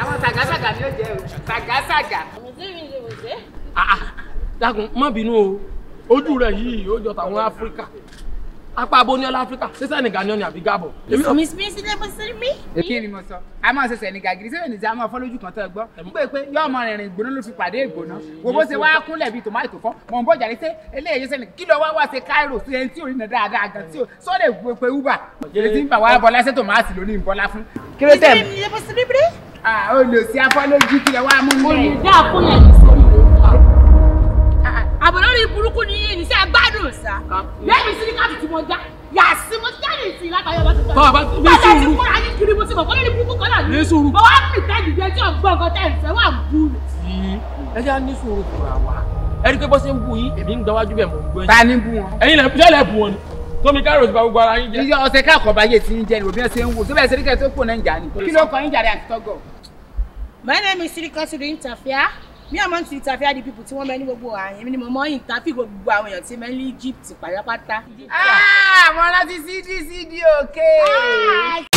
àwọn sàgásàgà ni ó jẹ o sàgásàgà. Ah, ah. dákun má bínú o ojú rẹ yìí ó jọ tàwọn áfíríkà apá abóníọ́lá áfíríkà ṣé sẹ́nìgà ni ó ní àbí gábọ̀. miss miss ní ẹbí sí mi. kí ni mo sọ a máa ṣe sẹ́nìgà gidi sẹ́nìgà nìjà máa fọ́ lójú kan tó ẹ gbọ́ n pè pé yóò mọ rìnrìn ìgbóná ló fi pàdé ìgbóná wo bó ṣe wáá kúnlẹ̀ bíi tòmátì fọ́ mọ̀ ń bọ̀ jàre ṣé eléyìí sẹ́nìgà kí ló wá wá ṣe káírò sí ẹni tí ò rí nà dáadáa gan tí ò sọ lè gbé pé uber. èyí ti ń bà wá bọ́lá ṣé tòmátì ló ní ìbọ́lá fún. kí ló tẹ̀ olùsí afọlójú tilẹ̀ wá mú mi. olùdá fún yẹn ní sórí ìlú. àbọ̀lọ́ rí burúkú ní ìníṣẹ́ gbádùn sá lẹ́mi sí ní káàtì tí mo já yàtí mo jáde sí látàyè ọba tuntun. bàbá ti fún ayé kiri mo ti mọ̀ kọ́lé ní burúkú kọ́lá mi. ní sùúrù bàbá mi tẹ́ ìdí ẹjọ́ gbọ̀ngàn tẹ́ ìfẹ́ wà bú mi. ẹ jẹ́ ní sùúrù fúnra wa ẹ rí i pé bó ṣe ń bú yín èmi ń gbáwájú bẹ̀ mọ̀ ta ni bú wọn. ẹ̀yin lẹ bú wọn ni tómi káàrò ti ba gbogbo ara yín jẹ. iyọ ọsẹ káàkọ báyé ti ń jẹ ni òbí ẹ ṣe ń wò síbẹ̀ sẹ́ríkẹ́ tó kù náà ń jà ni. kí ló kọ yín àti tọ́gọ̀. my name is Sirika Sudu Interfia mi àmọ́ ti Interfia di people tí wọ́n mẹ́ ní gbogbo àyìn ni mo mọ́ ìtàfi gbogbo àwọn èèyàn tí mẹ́ ní Egypt pàápàá. Ah, àwọn aláti cd cd òkè.